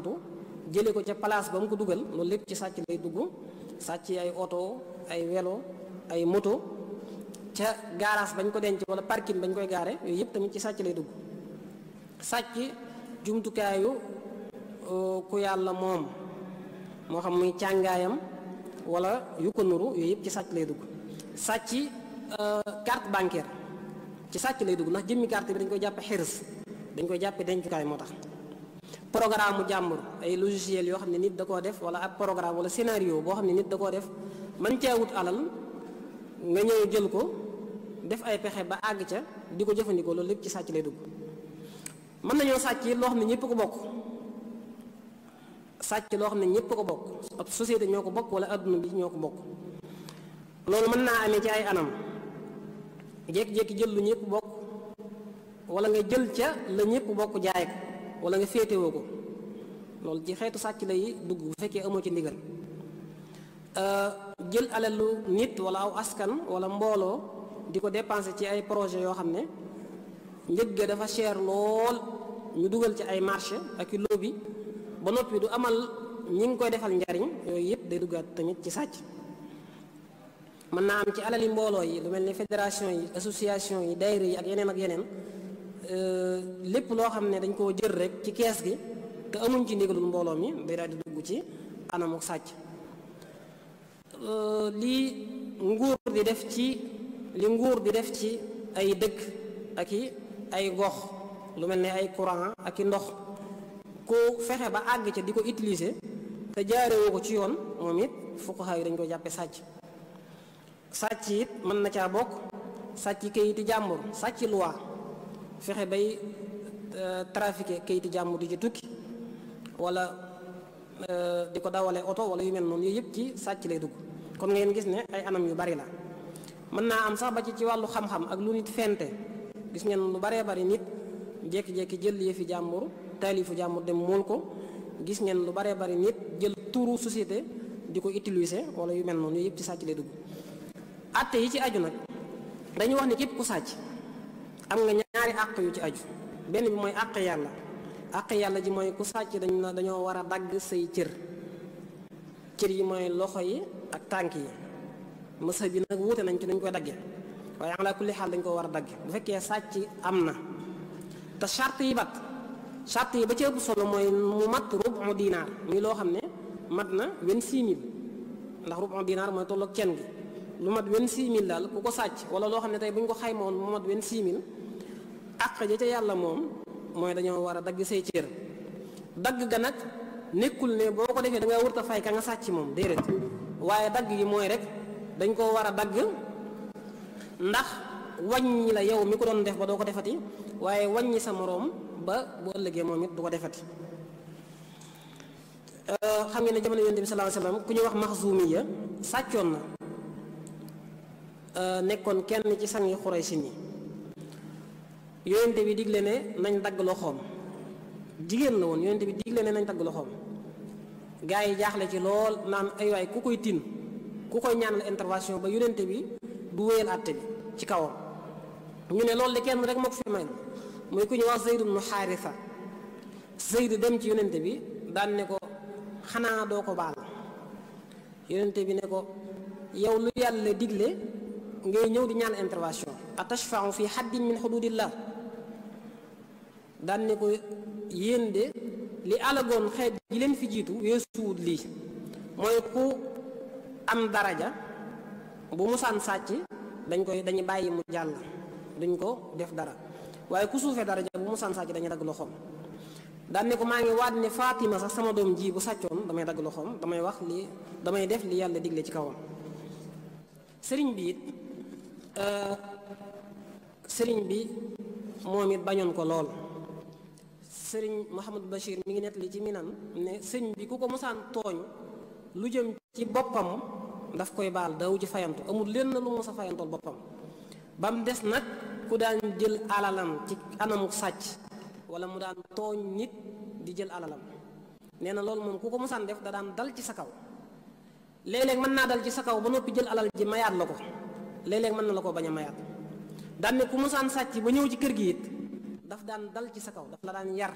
bu jëlee ko ca place ba mu ko dugal loolu lépp ci sàcc lay dugg sàcc ay oto ay welo ay moto ca garage bañ ko denc wala parking bañ koy gaare yooyu yëpp tamit ci sàcc lay dugg sàcc jumtukaayu euh, ku yàlla moom moo xam muy càngaayam wala yu ko nuru yooyu yëpp ci sàcc lay dugg sàcc euh, carte bancaire ci sàcc lay dugg ndax jëmmi carte bi dañ koy jàppe xërs dañ koy jàppe dencukaay moo tax programme mu jàmbur ay logiciel yoo xam ne nit da koo def wala ab programme wala scénario boo xam ne nit da koo def man cee wut alal nga ñëw jël ko def ay pexe ba àgg ca di ko jëfandikoo loolu lépp ci sàcc lay dugg mën nañoo sàcc loo xam ne ñëpp ko bokk sàcc loo xam ne ñëpp ko bokk ab société ñoo ko bokk wala adduna bi ñoo ko bokk loolu mën naa amee ci ay anam jékki-jékki jël lu ñëpp bokk wala nga jël ca la ñëpp bokk jaay ko wala nga féetewoo ko loolu ci xeetu sàcc la yi dugg bu fekkee amoo ci ndigal euh, jël alalu nit wala aw askan wala mbooloo di ko dépenser ci ay projet yoo xam ne njëg ga dafa cher lool ñu dugal ci ay marché ak i lobby ba noppi du amal ñi ngi koy defal njariñ yooyu yëpp day duggaat tamit ci sàcc mën naa am ci alali mbooloo yi lu mel ni fédération yi association yi daayira yi ak yeneen ak yeneen Euh, lépp loo xam ne dañ koo jël rek ci kees gi te amuñ ci ndigalul mbooloo mi day daal di dugg ci anamuk sàcc euh, lii nguur def ci li nguur di def ci ay dëkk ak i ay gox lu mel ne ay courant ak i ndox ku fexe ba àgg ca di ko utilise te jaarewoo ko ci yoon moom it fuqaha yi dañ ko jàppe sàcc sàcc it mën na caa bokk sàcc kayiti jàmbur sàcc loi fexe bay euh, trafiqué kayiti jàmm di ci tukki wala euh, di ko dawalee oto wala yu mel noonu yooyu yëpp ci sàcc lay dugg kon ngeen gis ne ay anam yu bari la mën naa am sax ba ci ci wàllu xam-xam ak lu nit fente gis ngeen lu baree bari nit jékki-jékki jël yëfi jàmbur taalifu jàmbur dem mool ko gis ngeen lu baree bari nit jël turu société di ko utiliser wala yu mel noonu yooyu yëpp ci sàcc lay dugg atte yi ci aju nag dañu wax ni képp ku sàcc am nga ñaari àq yu ci aju benn bi mooy àq yàlla àq yàlla ji mooy ku sàcc dañu na dañoo war a dagg say cër cër yi mooy loxo yi ak tànk yi mësa bi nag wuute nañ ci dañ koy dagge waaye ala kulli xaal dañ ko war a dagge bu fekkee sàcc am na te chart yi bat charte yi ba ci ëpp solo mooy mu mat rubu dinaar muy loo xam ne mat na vingt-six mille ndax rubu dinaar mooy tolloog cen gi lu mat vingt-six mille loo xam ne tey bu ñu ko xayma woon mu mat mille àq ja ca yàlla moom mooy dañoo war a dagg say cër dagg ga nag nekkul ne boo ko defee da ngaa wër ta nga sàcc moom déedéet waaye dagg yi mooy rek dañ koo war a dagg ndax wàññi la yow mi ko doon def ba doo ko defati waaye wàññi sa moroom ba bu ëllëgee moom it du ko defati euh, xam ngeen ne jamono yonent bi sallallahu alayhi wasallam ku ñuy wax Maxzumiya sàccoon na euh, nekkoon kenn ci sangi Xuraysin ni yonente bi digle ne nañ dagg loxoom jigéen la woon yonente bi digle ne nañ dagg loxoom gars yi jaaxle ci lool naan ay waay ku koy tin ku koy ñaanal intervention ba yonente bi du wéyal àtte bi ci kawam ñu ne loolu de kenn rek moo ko fi may mooy ku ñu wax Zayd xaari Haarisa Zayd dem ci yonente bi daan ne ko xanaa doo ko baal yonente bi ne ko yow lu yàlla digle ngay ñëw di ñaan intervention atashfau fi xaddin min xududillah daan ne ko yéen de li alagoon xeet ji leen fi jiitu weesuwut lii mooy ku am daraja bu musaan sàcc dañ koy dañu bàyyi mu jàll duñ ko def dara waaye ku suufee daraja bu musaan sàcc dañuy dagg loxoom daan ne maa ngi waat ne Fatima sax sama doom ji bu damay dagg loxoom damay wax li damay def li yàlla digle ci kawam sëriñ bi euh, sëriñ bi moom it bañoon ko lool sëriñ Mouhamadou Bachir mi ngi nettali ci minan ne sëriñ bi ku ko mosaan tooñ lu jëm ci boppam daf koy baal daw ci fayantu amul lenn lu mos a fayantool boppam ba mu des nag ku daan jël alalam anamu sàcc wala mu daan tooñ nit di jël alalam nee na loolu moom ku ko mosaan def da daan dal ci sa kaw léeg mën naa dal ci sa kaw ba noppi jël alal ji mayaat la ko léeg mën na la ko bañ a mayaat daan ne ku musaan sàcc ba ñëw ci kër gi it daf daan dal ci sa kaw daf la daan yar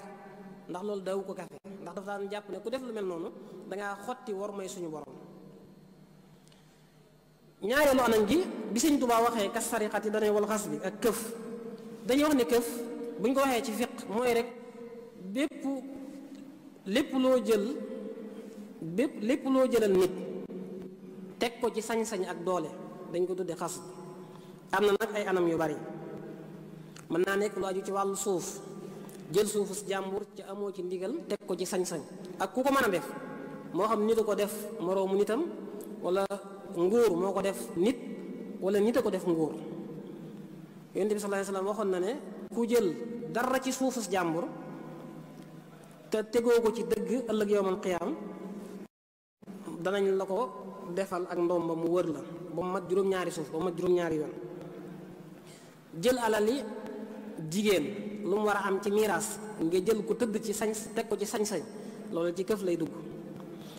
ndax loolu daw ko kafe ndax daf daan jàpp ne ku def lu mel noonu dangaa xotti war may suñu borom ñaareelu anam gi bi sëñ Tuubaa waxee kas sariqati dane wal xas bi ak këf dañuy wax ne këf bu ñu ko waxee ci fiq mooy rek bépp lépp loo jël bépp lépp loo jëlal nit teg ko ci sañ-sañ ak doole dañ ko tudde xas bi am na nag ay anam yu bari mën naa nekk lu aju ci wàllu suuf jël suufu si jàmbur ci amoo ci ndigal teg ko ci sañ-sañ ak ku ko mën a def moo xam nit a ko def moroomu nitam wala nguur moo ko def nit wala nit a ko def nguur yonent bi sallallahu waxoon na ne ku jël dara ci suufu si jàmbur te tegoo ko ci dëgg ëllëg yowmal qiyaam danañ la ko defal ak ndoom ma mu wër la ba mu mat juróom-ñaari suuf ba mu mat juróom-ñaari yoon jël alali jigéen lu mu war a am ci miraas nga jël ko tëdd ci sañ teg ko ci sañ-sañ loolu ci këf lay dugg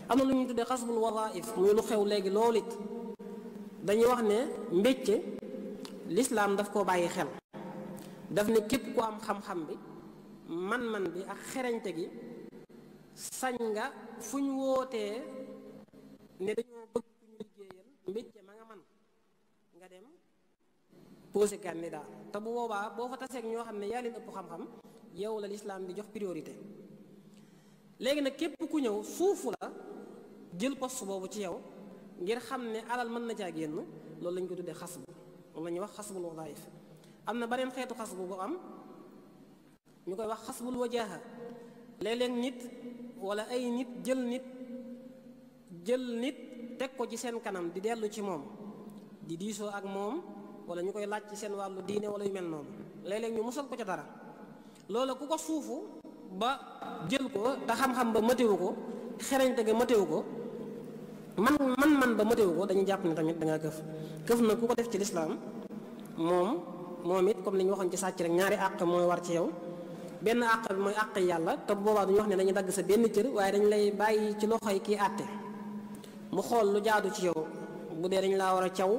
am na lu ñu tuddee xasbul wadaif muy lu xew léegi loolu it dañuy wax ne mbécce lislaam daf koo bàyyi xel daf ne képp ku am xam-xam bi man-man bi ak xerañte gi sañ nga fu ñu wootee ne dañoo bëgg posé candidat te bu boobaa boo fa taseeg ñoo xam ne yaa leen ëpp xam-xam yow la lislaam di jox priorité léegi nag képp ku ñëw suufu la jël poste boobu ci yow ngir xam ne alal mën na caa génn loolu lañ ko du dee xas bu loolu la ñuy wax xasbul wadaif am na beneen xeetu xas bu bu am ñu koy wax xasbul wajaaha léeg nit wala ay nit jël nit jël nit teg ko ci seen kanam di dellu ci moom di diisoo ak moom wala ñu koy laaj ci seen wàllu diine wala yu mel noonu léeg-léeg ñu musal ko ca dara loola ku ko suufu ba jël ko te xam-xam ba matéwu ko xereñte ga matéwu ko man man man ba matéwu ko dañuy jàpp ne tamit da ngaa këf këf na ku ko def ci lislaam moom moom it comme li ñu waxoon ci sàcc rek ñaari àq mooy war ci yow benn àq bi mooy àq yàlla te boobaa duñu wax ne dañuy dagg sa benn cër waaye dañu lay bàyyi ci loxo yi kii àtte mu xool lu jaadu ci yow bu dee dañ laa war a caw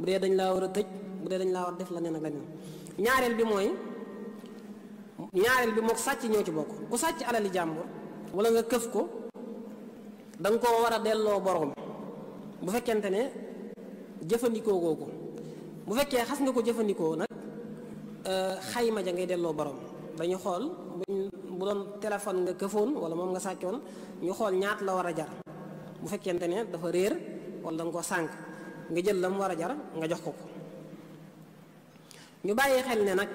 bu dee dañu laa war a tëj bu dee dañ laa war def la neen ak la neen ñaareel bi mooy ñaareel bi mook sàcc ñoo ci bokk ku sàcc alali jàmbur wala nga këf ko danga ko war a delloo borom bu fekkente ne jëfandikoo koo ko bu fekkee xas nga ko jëfandikoo nag euh, xayma ja ngay delloo borom dañu xool bu doon téléphone nga këfoon wala moom nga sàccoon ñu xool ñaat la war a jar bu fekkente ne dafa réer wala danga ko sànk nga jël la mu war a jar nga jox ko ko ñu bàyyi xel ne nag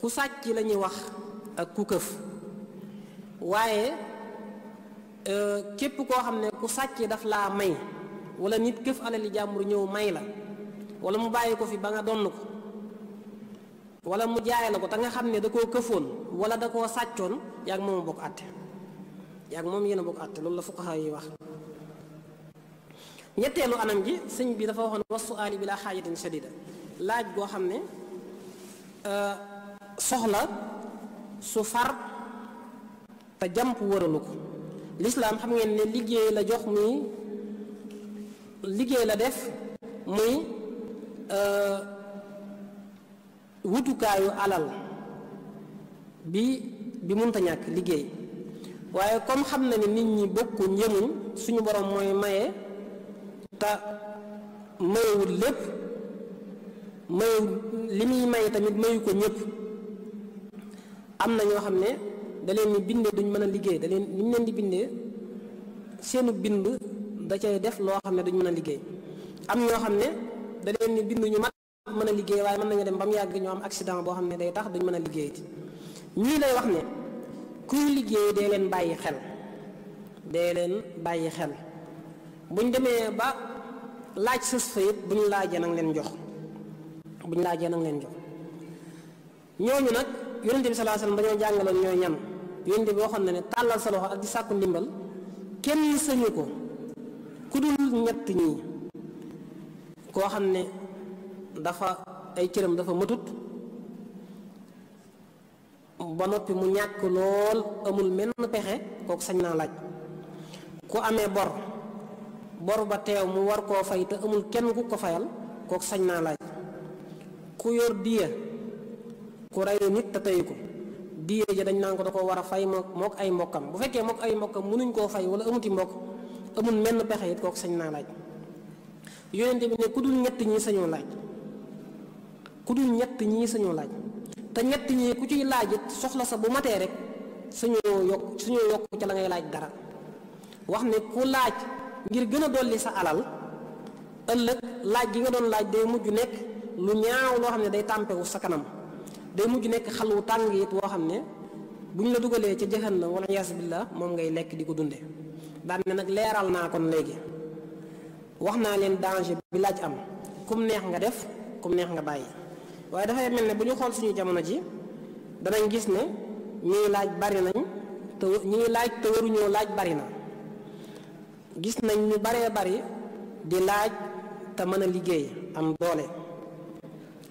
ku sàcc la ñuy wax ak ku këf waaye euh, képp koo xam ne ku sàccee daf laa may wala nit këf alali jàmbur ñëw may la wala mu bàyyi ko fi ba nga donn ko wala mu jaay la ko te nga xam ne da koo këfoon wala da koo sàccoon yaa ngi moom bokk àtte yaa ngi moom yéen a bokk àtte loolu la fuqaha wax ñetteelu anam gi sëñ bi dafa waxoon wasu aali bi laa xaajatin shadida laaj goo xam ne euh, soxla su far te jàmp wëralu ko lislaam xam ngeen ne liggéey la jox muy liggéey la def muy euh, wutukaayu alal bi bi munta ñàkk liggéey waaye comme xam na ne nit ñi bokku njëmuñ suñu borom mooy maye te mayewul lépp mayewu li muy may tamit mayu ko ñëpp am na ñoo xam ne da leen ni bindee duñ mën a liggéey da leen li ñu leen di bindee seenu bind da cay def loo xam ne duñ mën a liggéey am ñoo xam ne da leen ni bind ñu mat mën a liggéey waaye mën nañu dem ba mu yàgg ñoo am accident boo xam ne day tax duñ mën a liggéey ci ñii lay wax ne kuy liggéey dee leen bàyyi xel dee leen bàyyi xel buñ demee ba laaj sës fa it bu ñu laajee nang leen jox bu laajee nang leen jox ñooñu nag yonente bi salaa sallam dañoo jàngaloon ñooy ñan yonente bi waxoon na ne tàllal sa loxo ak di sàkku ndimbal kenn sañu ko ku dul ñett ñii koo xam ne dafa ay cëram dafa matut ba noppi mu ñàkk lool amul menn pexe kooku sañ naa laaj ku amee bor boru ba teew mu war koo fay te amul kenn ku ko fayal kook sañ naa laaj ku yor diya ku rey nit te tey ko diya ja dañ naan ko da ko war a fay mook ay mbokkam bu fekkee mook ay mbokkam mënuñ koo fay wala amuti mbokk amul menn pexe it kooku sañ naa laaj yonente bi ne ku dul ñett ñi sañoo laaj ku dul ñett ñii sañoo laaj te ñett ñii ku ciy laaj it soxla sa bu matee rek suñoo yokk suñoo yokk ca la ngay laaj dara wax ne ku laaj ngir gën a dolli sa alal ëllëg laaj gi nga doon laaj day mujj nekk lu ñaaw loo xam ne day tàmpewu sa kanam day mujj nekk xal wu tàng it woo xam ne buñ la dugalee ca jahannam wala yaas billah moom ngay lekk di ko dunde daan ne nag leeral naa kon léegi wax naa leen danger bi laaj am kum neex nga def kum neex nga bàyyi waaye dafay mel ne bu ñu xool suñu jamono ji danañ gis ne ñuy laaj bari nañ te ñuy laaj te waruñoo laaj bari na gis nañ ñu baree bari di laaj te mën a liggéey am doole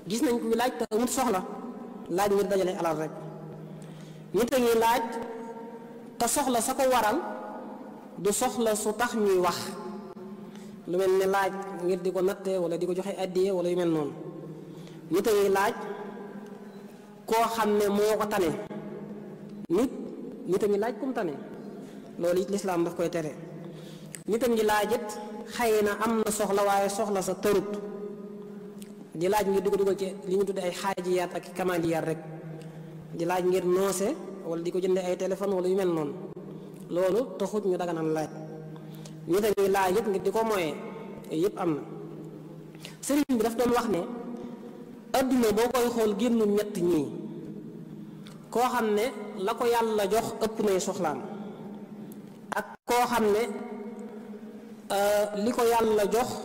gis nañ kuy laaj te amul soxla laaj ngir dajale alal rek nit a ngi laaj te soxla sa ko waral du soxla su tax ñuy wax lu mel ni laaj ngir di ko natte wala di ko joxe addiye wala yu mel noonu nit a ngi laaj koo xam ne moo ko tane nit nit a ngi laaj kum tane loolu it lislaam daf koy tere nitam ji laajit xëy na am na soxla waaye soxla sa tërut di laaj ngir di ko dugal ci li ñu tuddee ay xaajiyaat ak kamaandiyaat rek di laaj ngir noose wala di ko jëndee ay téléphone wala yu mel noonu loolu taxut ñu na laaj nit a ngi laaj it ngir di ko moyee yëpp am na sëriñ bi daf doon wax ne adduna boo koy xool génnul ñett ñii koo xam ne la ko yàlla jox ëpp nay soxlaam ak koo xam ne Euh, li ko yàlla jox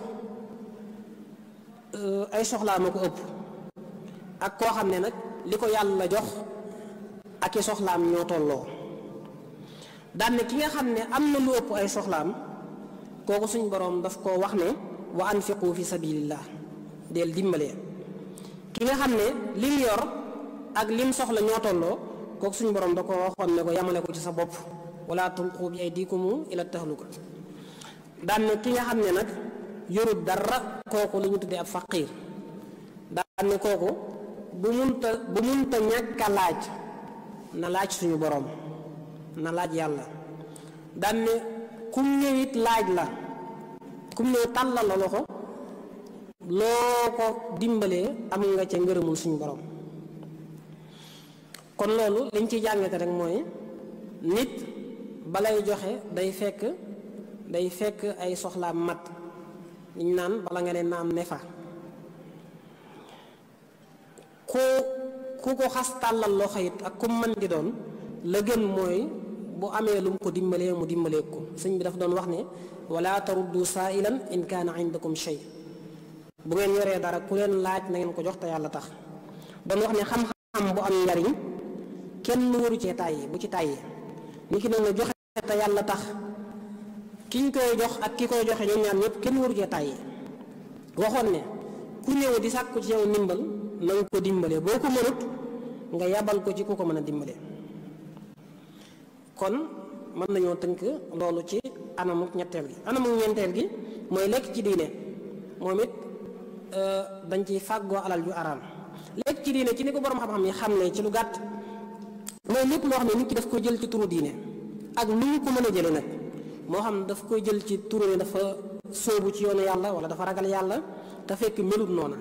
euh, ay soxlaa ma ko ëpp ak koo xam ne nag li ko yàlla la jox ak i soxlaam ñoo tolloo daan ki nga xam ne am na lu ëpp ay soxlaam kooku suñu borom daf koo wax ne wa anfiqu fi sabilillah del dimbalee ki nga xam ne lim yor ak lim soxla ñoo tolloo kooku suñ boroom da ko waxoon ne ko yamale ko ci sa bopp wala tulqu bi aydikum ila ko daan ne ki nga xam ne nag yorut dara kooku li ñu tuddee ab faqiir daan ne kooku bu munta bu munta ñàkk laaj na laaj suñu boroom na laaj yàlla daan ne kum ñëwit laaj la kum ñëw tàllal la loxo loo ko dimbalee am nga ca ngërëmul suñu borom kon loolu liñ ci jàngate rek mooy nit balay joxe day fekk day fekk ay soxlaam mat liñ naan bala nga ne naam ne fa ku ku ko xas tàllal loxo it ak ku man di doon la gën mooy bu amee lum ko dimbalee mu dimbalee ko sëñ bi dafa doon wax ne wala taruddu saailan in kaana indakum shay bu ngeen yoree dara ku leen laaj na ngeen ko jox te yàlla tax doon wax ne xam-xam bu am njariñ kenn waru cee tàyyi bu ci tàyyi ni ki ne nga joxe te yàlla tax ñu koy jox ak ki koy joxe ñoom ñaar ñëpp kenn waru cee tàyyi waxoon ne ku ñëw di sàkku ci yow ndimbal na ko dimbalee boo ko mënut nga yabal ko ci ku ko mën a dimbalee kon mën nañoo tënk loolu ci anamuk ñetteel gi anamuk ñeenteel gi mooy lekk ci diine moom it euh, dañ ci fàggoo alal ju araam lekk ci diine ci ni ko borom xam-xam yi xam ne ci lu gàtt mooy lépp loo xam ne nit ki daf ko jël ci turu diine ak lu mu ko mën a jëlee nag moo xam ne daf koy jël ci turu dafa sóobu ci yoonu yàlla wala dafa ragal yàlla te fekk melut noona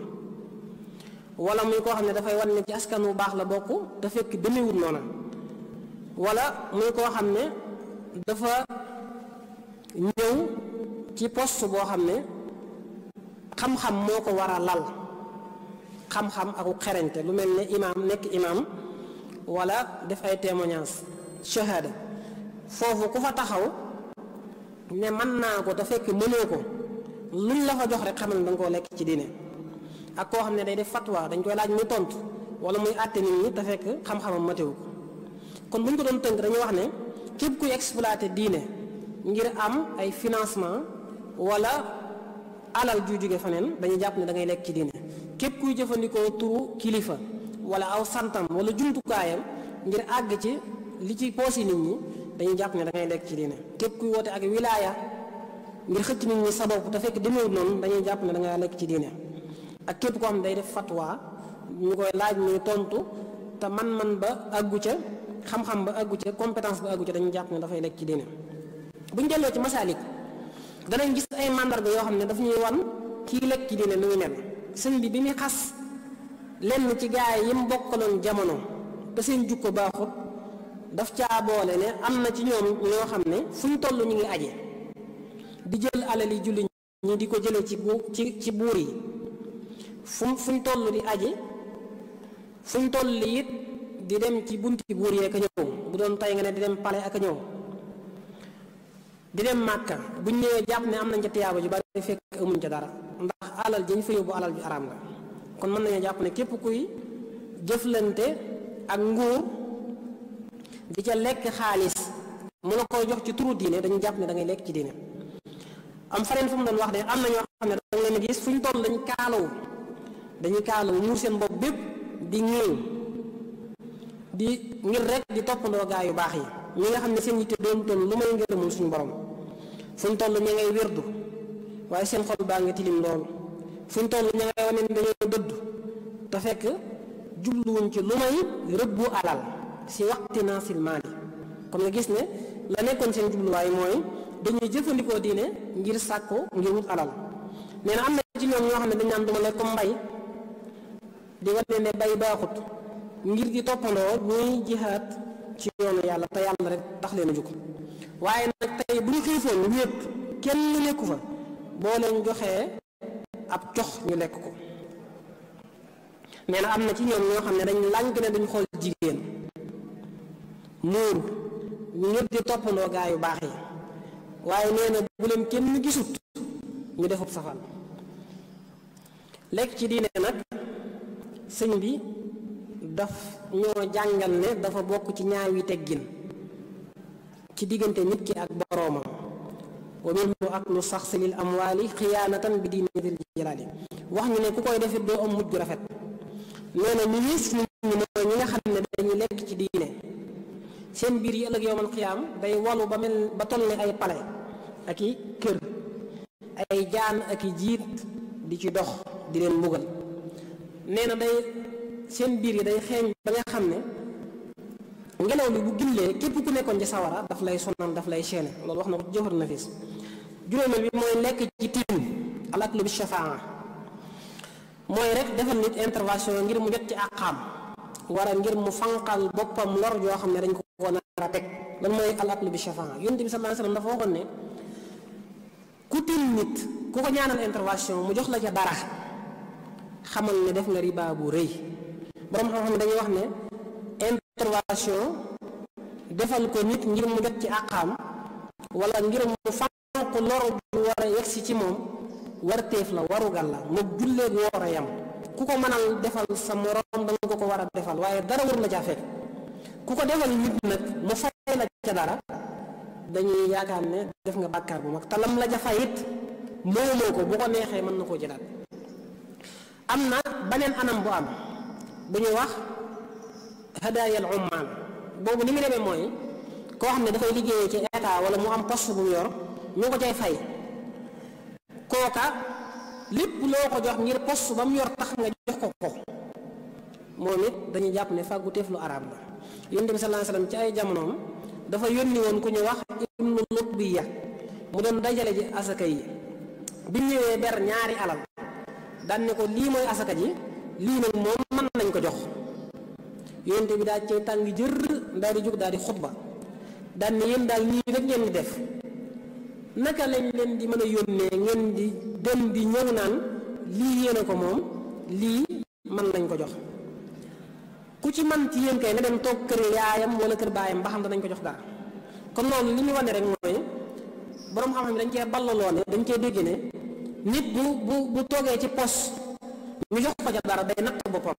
wala muy koo xam ne dafay wan askan wu baax la bokk te fekk demewut wala muy xam ne dafa ñëw ci post boo xam ne xam-xam moo ko war a lal xam-xam aku xerañte lu mel ne imaam nekk imaam wala def ay témoignage shahada foofu ku fa taxaw ne mën naa ko te fekk mënoo ko ñu la fa jox rek xamal ne dañ koo lekk ci diine ak koo xam ne day def fatwa dañ koy laaj muy tontu wala muy àtte nit ñi te fekk xam-xamam matewu ko kon bu ñu ko doon tënk dañuy wax ne képp kuy exploité diine ngir am ay financement wala alal ju jóge feneen dañuy jàpp ne da ngay lekk ci diine képp kuy jëfandikoo turu kilifa wala aw santam wala jumtukaayam ngir àgg ci li ci poosi nit ñi dañuy jàpp ne da lekk ci diine képp kuy woote ak wilaaya ngir xëcc nit ñi sa bopp te fekk demeewul noonu dañuy jàpp ne da ngaa ci diine ak képp koo xam ne day def fatwa ñu koy laaj muy tontu te man-man ba àggu ca xam-xam ba àggu ca compétence ba àggu ca dañuy jàpp ne dafay nekk ci diine bu ñu delloo ci masaalik danañ gis ay màndarga yoo xam ne dafa ñuy wan kii lekk ci diine nu muy mel sëñ bi bi muy xas lenn ci gaay yi mu bokkaloon jamono te seen jukko baaxut daf caa boole ne am na ci ñoom ñoo xam ne fu ñu toll ñu ngi aje di jël alal yi julli ñi di ko jële ci bu ci ci buur yi fu fu ñu toll di aje fu ñu toll it di dem ci bunti buur yee ka ñëw bu doon tey nga ne di dem pale ak a ñëw di dem màkka buñ ñëwee jàpp ne am nañ ca tiyaaba ju bari fekk amuñ ca dara ndax alal ji ñu fa yóbbu alal ju araam la kon mën nañoo jàpp ne képp kuy jëflante ak nguur di ca lekk xaalis mu la koy jox ci turu diine dañu jàpp ne da ngay lekk ci diine am faneen fu mu doon wax de am na ñoo xam ne da gis fu ñu toll dañ kaalawu dañuy kaalawu muur seen bopp bépp di ñëw di ngir rek di toppandoo gaa yu baax yi ñi nga xam ne seen yitte doon toll lu may ngërëmul suñu borom fu ñu toll ña ngay wérdu waaye seen xol baa ngi tilim lool fu ñu toll ña ngay wane ne dañoo dëdd te fekk jubluwuñ ci lu may rëbbu alal si waxti naasil maali kon nga gis ne la nekkoon seen jubluwaay mooy dañuy jëfandikoo diine ngir sàkku ngir wut alal nee na am na ci ñoom ñoo xam ne dañ naan duma lekk mbay di wane ne bay baaxut ngir di toppandoo ñuy jihaat ci yoonu yàlla te yàlla rek tax leen a jóg waaye nag bu ñu xiifoon wéet kenn lu fa boo leen joxee ab cox ñu lekk ko nee na am na ci ñoom ñoo xam ne dañ lànk ne dañ xool jigéen muur ñëpp di toppandoo gaa yu baax yi waaye nee na bu kenn gisut ñu defub safaan lekk ci diine nag sëñ bi daf ñoo jàngal ne dafa bokk ci ñaawi teggin ci diggante nit ki ak boroomam wa minhu aklu saxsi lil amwaali xiyaanatan bi diine dil jalaali wax ñu ne ku koy defit doo am mujj rafet nee na ñu gis nit ñi mooy ñi nga xam ne dañuy lekk ci diine seen biir yi ëllëg yowmal qiyaam day walu ba mel ba toll ni ay pale ak i kër ay jaan ak i jiit di ci dox di leen mbugal nee na day seen biir yi day xeeñ ba nga xam ne ngelaw li bu gillee képp ku nekkoon ci sawara daf lay sonal daf lay seene loolu wax na ko ci jëfar nafis juróomeel bi mooy lekk ci tiim alaklu bi shafaa mooy rek defal nit intervention ngir mu jot ci àqaam wara ngir mu fanqal boppam lor yoo xam ne dañ ko a teg lan mooy al aklu bi shafaa yonent bi sallallahu alayhi dafa waxoon ne ku til nit ku ko ñaanal intervention mu jox la ca dara xamal ne def nga riba bu rëy borom xam-xam dañuy wax ne intervention defal ko nit ngir mu jot ci àqaam wala ngir mu fànq loru bu war a yegsi ci moom warteef la warugal la mu julleeg woor a yam ku ko mënal defal sa morom da ko ko war a defal waaye dara war la caa fekk ku ko defal nit nag mu fay la ca dara dañuy yaakaar ne def nga bàkkaar bu mag te la jafa it moomoo ko bu ko neexee mën na koo jëlaat am na beneen anam bu am bu wax hadaayal ummaal boobu ni mu demee mooy koo xam ne dafay liggéeyee ci état wala mu am poste bu mu yor ñu ko cay fay kooka lépp loo ko jox ngir poste ba mu yor tax nga jox ko ko moom it dañuy jàpp ne fàggu teef lu araam la yonent bi sallallahu alayhi ci ay jamonoom dafa yónni woon ku ñu wax bi Lutbiya mu doon dajale ji asaka yi bi ñëwee ber ñaari alal daan ne ko lii mooy asaka ji lii nag moom mën lañ ko jox yonent bi daal cee tàng jër daal di jóg daal di xutba daan ne yéen daal nii rek ngeen di def naka lañ leen di mën a yónnee ngeen di dem bi ñëw naan lii yéene ko moom lii mën lañ ko jox ku ci man ci yéen kay nga dem toog kër yaayam wala kër baayam ba xam danañ ko jox dara kon loolu li ñu wane rek mooy borom xam-xam yi dañ cee ballaloo ne dañ cee dégg ne nit ci pos ñu jox ko ca dara day natt boppam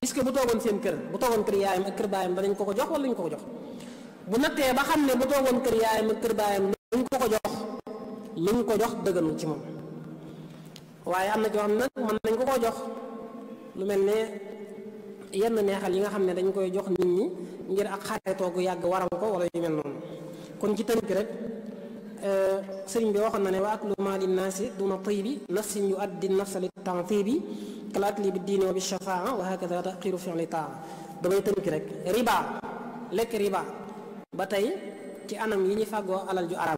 est bu toogoon seen kër bu toogoon kër yaayam ak kër baayam danañ ko ko jox wala ñu ko ko jox bu nattee ba xam ne bu toogoon kër yaayam ak kër baayam luñ ko ko jox luñ ko jox dëgganul ci moom waaye am na joo xam ne nag mën nañ ko ko jox lu mel ne yenn neexal yi nga xam ne dañ koy jox nit ñi ngir ak xaretoo gu yàgg waral ko wala yu mel noonu kon ci tënk rek euh, sëriñ bi waxoon na ne wa aklu maali naasi duna tiibi nafsin yu addi nafsa li tantiibi kalaakli bi diine wa bi shafaa wa hakada taqiru fi'li taa damay tënk rek riba lekk riba ba tey ci anam yi ñu fàggoo alal ju la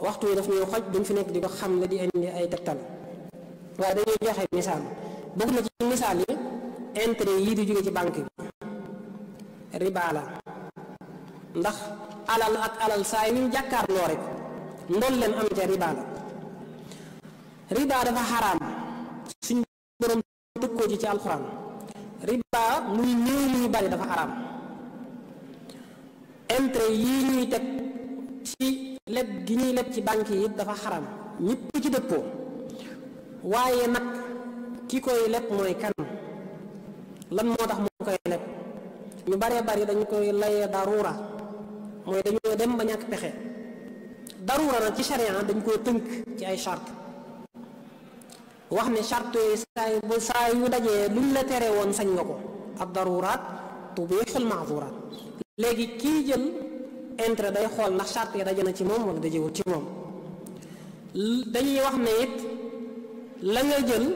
waxtu yi daf ñuy xoj duñ fi nekk di ko xam ne di indi ay tegtal waaye dañuy joxe misaal bokk na ci misaal yi intérêt yii di jóge ci banque bi riba la ndax alal ak alal saa yi ñu jàkkaarloo rek ndool leen am ca riba la riba dafa xaraam suñ borom tëkkoo ci ci alxuraan riba muy néew muy bari dafa xaraam intérêt yii ñuy teg ci leb gi ñuy leb ci banque yi dafa xaram ñëpp ci dëppoo waaye nag ki koy leb mooy kan lan moo tax mu koy leb ñu baree bari dañ koy layee daruura mooy dañoo dem ba ñàkk pexe daruura na ci charia dañ koo tënk ci ay charte wax ne charte yooyu saa yu saa yu la tere woon sañ nga ko ab daruuraat tubiixul mahduraat léegi kii jël intérêt day xool ndax charte yi daje na ci moom wala dajewul ci moom dañuy wax ne it la nga jël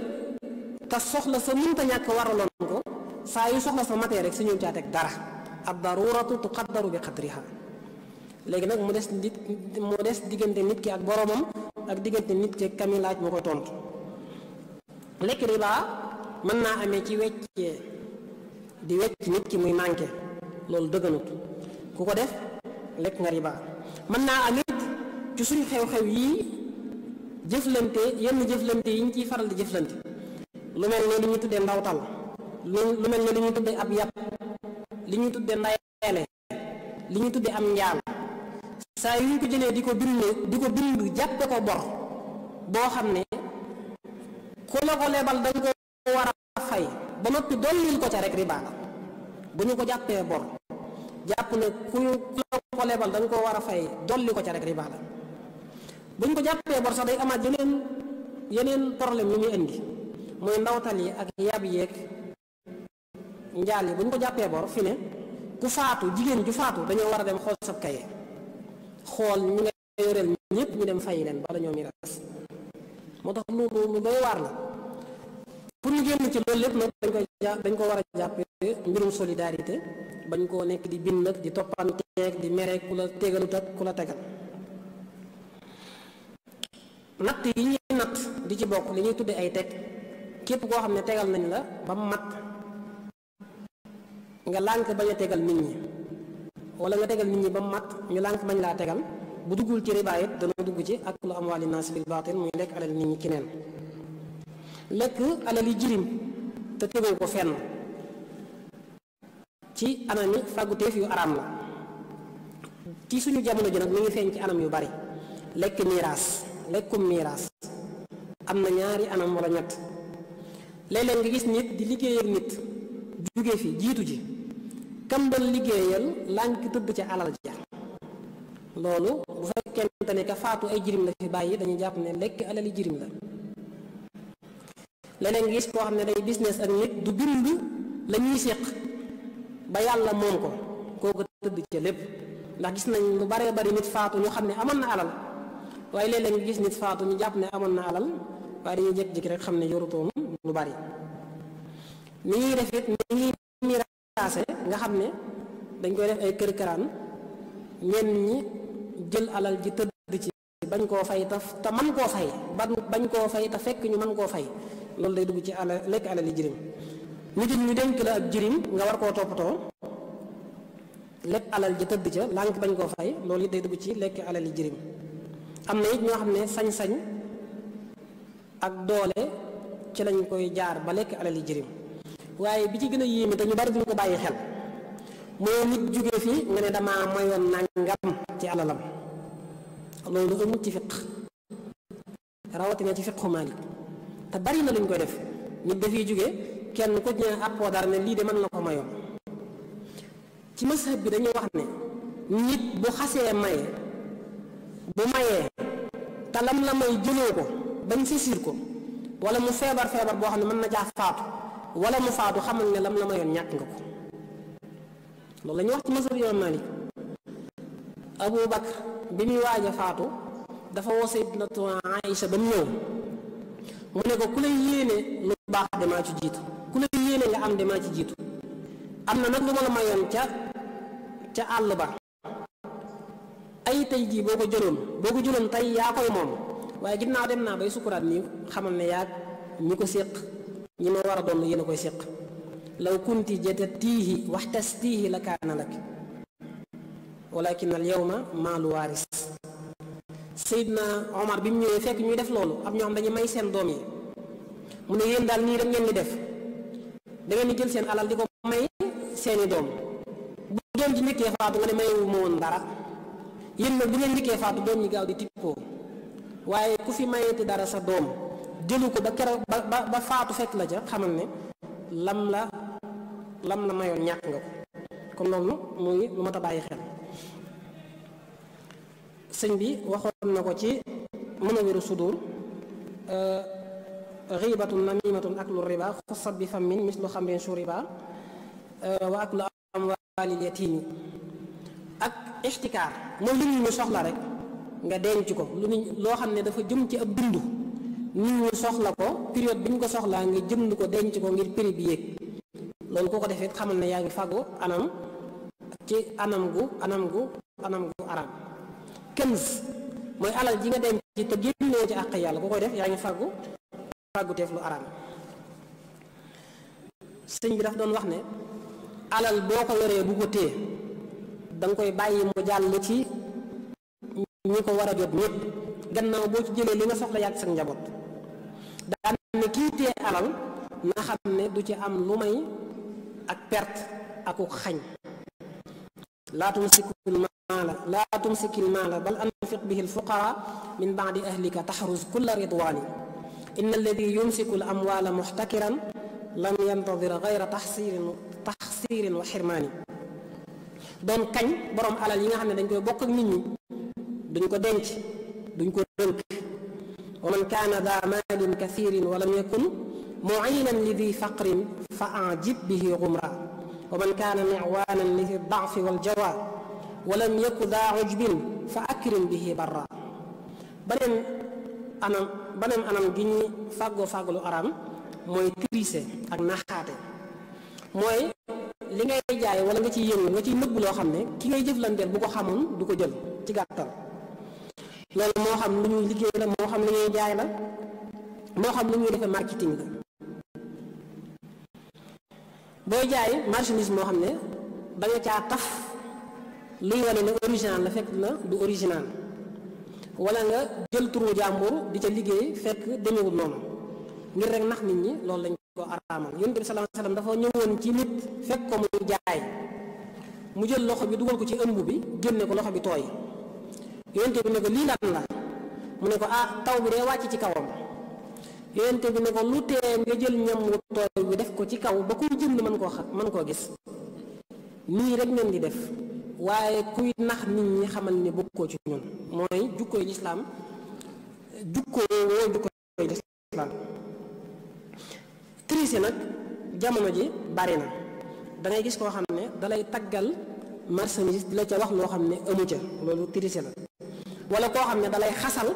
te soxla sa mënta ñàkk waraloon ko saa yu soxla sa matee rek si ñun caa teg dara ad daruratu tuqaddaru bi qadriha léegi nag mu des nit mu des diggante nit ki ak boromam ak diggante nit ki kami laaj moo koy tontu lekk riba mën naa amee ci weccee di wecc nit ki muy manqué loolu ko def lekk nga riba mën naa am it ci suñ xew-xew yii jëflante yenn jëflante yi ñu ciy faral di jëflante lu mel ne li ñu tuddee ndawtal lu lu mel ne li ñuy tuddee ab yàpp li ñuy tuddee ndayeele li ñuy tuddee am njaam saa yu ñu ko jëlee di ko bind di ko bind jàppe ko bor boo xam ne ku la ko lebal dañ ko war a fay ba noppi dollil ko ca rek riba ko jàppee bor jàpp ne ku ko war a fay dolli ko ca rek riba la bu ñu ko jàppee bor sax day amaat yeneen yeneen problème yu muy indi mooy ndawtal yi ak yab yeeg njaal yi bu ñu ko jàppee bor fi ne ku faatu jigéen ju faatu dañoo war a dem xool sab kaye xool ñi nga yoreel ñëpp ñu dem fay leen bala ñoo miraas moo tax loolu lu doy waar la pour ñu génn ci loolu lépp nag dañ koy dañ ko war a jàppe mbirum solidarité bañ koo nekk di bind nag di toppanteeg di mere ku la tegalut ak ku la tegal natt yi natt di ci bokk li ñuy tudde ay teg képp koo xam ne tegal nañ la ba mat nga lànk bañ a tegal nit ñi wala nga tegal nit ñi ba mat ñu lànk bañ laa tegal bu duggul ci riba it dana dugg ci ak lu amwaali naas bil naa muy lekk alal nit lekk alal yi jirim te tegoo ko fenn ci anam yi fàgguteef yu araam la ci suñu jamono ji nag mi ngi feeñ ci anam yu bari lekk miiraas lekkum miiraas am na ñaari anam wala ñett léeg nga gis nit di liggéey nit jóge fi jiitu ji kam doon liggéeyal lànk tëdd ca alal ja loolu bu fekkente ne ka faatu ay jirim la fi bàyyi dañuy jàpp ne lekk alali jirim la leneen gis koo xam ne day business ak nit du bind la ñuy séq ba yàlla moom ko kooku tëdd ca lépp ndax gis nañ lu bare bari nit faatu ñu xam ne amoon na alal waaye léeg-léeg gis nit faatu ñu jàpp ne amoon na alal waaye dañuy jékki-jékki rek xam ne yorutoon lu bari ni ñuy def ni ñuy nga xam ne dañ koy def ay kër karaan ñenn ñi jël alal ji tëdd ci bañ koo fay te te man koo fay bañ koo fay te fekk ñu man koo fay loolu day dugg ci alal lekk alali jirim nit ñu dénk la ab jirim nga war koo toppatoo lekk alal ji tëdd ca lànk bañ koo fay loolu it day dugg ci lekk alali jirim am na it ñoo xam ne sañ-sañ ak doole ci lañ koy jaar ba lekk alali jirim waaye bi ci gën a yéeme te ñu bari duñ ko bàyyi xel moo nit jógee fii nga ne damaa mayoon nangam ci alalam loolu amut ci fiq rawatina ci fiqu Maalik te bari na luñ koy def nit dafiy jógee kenn ku ñëw àppoo ne lii de na ko mayoon ci mazhab bi dañuy wax ne nit bu xasee maye bu mayee te lam la may jëloo ko si saisir ko wala mu feebar feebar boo xam ne mën na caa faatu wala mu faatu xamal ne la la mayoon ñàkk nga ko loolu la wax ci masab imam malik abu bakar bi muy waaj a faatu dafa woo sayidnatu aïcha ba mu ñëw mu ne ko ku lay yéene lu baax damaa ci jiitu ku lay yéene nga am damaa ci jiitu am na nag lu ma la mayoon ca ca àll ba ay tey jii boo ko jëloon boo ko jëloon tey yaa koy moom waaye ginnaaw dem naa bay sukuraat nii xamal ne yaa ñi ko séq ñi ma war a doon yéen a koy séq law kunti jatattiihi waxtastiihi la kaana lak walakin al yawma maalu waaris Seydina Omar bi mu ñëwee fekk ñuy def loolu am ñoo xam dañuy may seen doom yi mu ne yéen daal nii rek ngeen di def dangeen ngeen di jël seen alal di ko may seeni doom bu doom ji njëkkee faatu nga ne mayewu ma dara yéen bu ngeen njëkkee faatu doom ñi gaaw di tippoo waaye ku fi mayeti dara sa doom jëlu ko ba keroog ba ba faatu fekk la ca xamal ne lam la lam la mayoon ñàkk nga ko kon loolu muy lu mat a bàyyi xel sëñ bi waxoon na ko ci Munawwirus Sudur euh, ribatun namimatun aklu riba xussat bi fammin mislu xamrin shuriba euh, wa aklu amwaalil yatiimi ak ixtikaar mooy lu nit ñu soxla rek nga denc ko lu nit loo xam ne dafa jëm ci ab dund nit ñu soxla ko période bi ñu ko soxlaa nga jënd ko denc ko ngir prix bi yéeg loolu koo ko defee xamal ne yaa ngi fàggu anam ci anam gu anam gu anam gu araam kenz mooy alal ji nga denc ci te génnoo ci àq yàlla ku koy def yaa ngi fàggu fàggu teef lu araam sëñ bi daf doon wax ne alal boo ko yoree bu ko téye danga koy bàyyi mu jàll ci ñi ko war a jot ñëpp gannaaw boo ci jëlee li nga soxla yàgg sa njaboot daan ne kii téye alal na xam ne du ci am lu may ak perte aku xañ laa tumsikul maala laa tumsikil maala bal anfiq bihi alfuqara min baadi ahlika taxrus kulla ridwaani inna alladi yumsiku al amwaala muxtakiran lam yantadir gayra taxsirin taxsirin wa xirmaani doon kañ borom alal yi nga xam ne dañ koy bokk ak nit ñi duñ ko denc duñ ko rënk wa man kaana daa maalin kathirin wa lam yakun moo en معينا لذي فقر فأعجب به غمرا ومن كان معوانا لذي الضعف والجوى ولم يك ذا عجب فأكرم به برا beneen anam beneen anam gi ñuy fàggoo fàggalu araam mooy tricher ak naxaate mooy li ngay jaay wala nga ciy yëngu nga ciy nëbbu loo xam ne ki ngay jëflanteel bu ko xamoon du ko jël ci gàttal loolu moo xam lu ñuy liggéey la moo xam li ngay jaay la moo xam lu ñuy defee marketing la booy jaay marchandise moo xam ne ba nga caa taf luy wane ne original la fekk na du original wala nga jël turu jàmbur di ca liggéey fekk demeewul noonu ngir rek nax nit ñi loolu lañ ko araamal yonent bi sallallahu alayhi wasallam dafa ñëwoon ci nit fekk ko muy jaay mu jël loxo bi dugal ko ci ëmb bi génne ko loxo bi tooy yonent bi ne ko lii lan mu ne ko ah taw bi dee wàcc ci kawam yonent bi ne ko lu tee nga jël ñam wu tooy bi def ko ci kaw ba kuy jënd mën koo xa mën koo gis nii rek ngeen di def waaye kuy nax nit ñi xamal ni bokkoo ci ñun mooy jukkooy lislaam jukkoo woo jukkooy lislaam triche nag jamono ji bari na dangay gis koo xam ne dalay taggal marchandise di la ca wax loo xam ne amu ca loolu triche la wala koo xam ne dalay xasal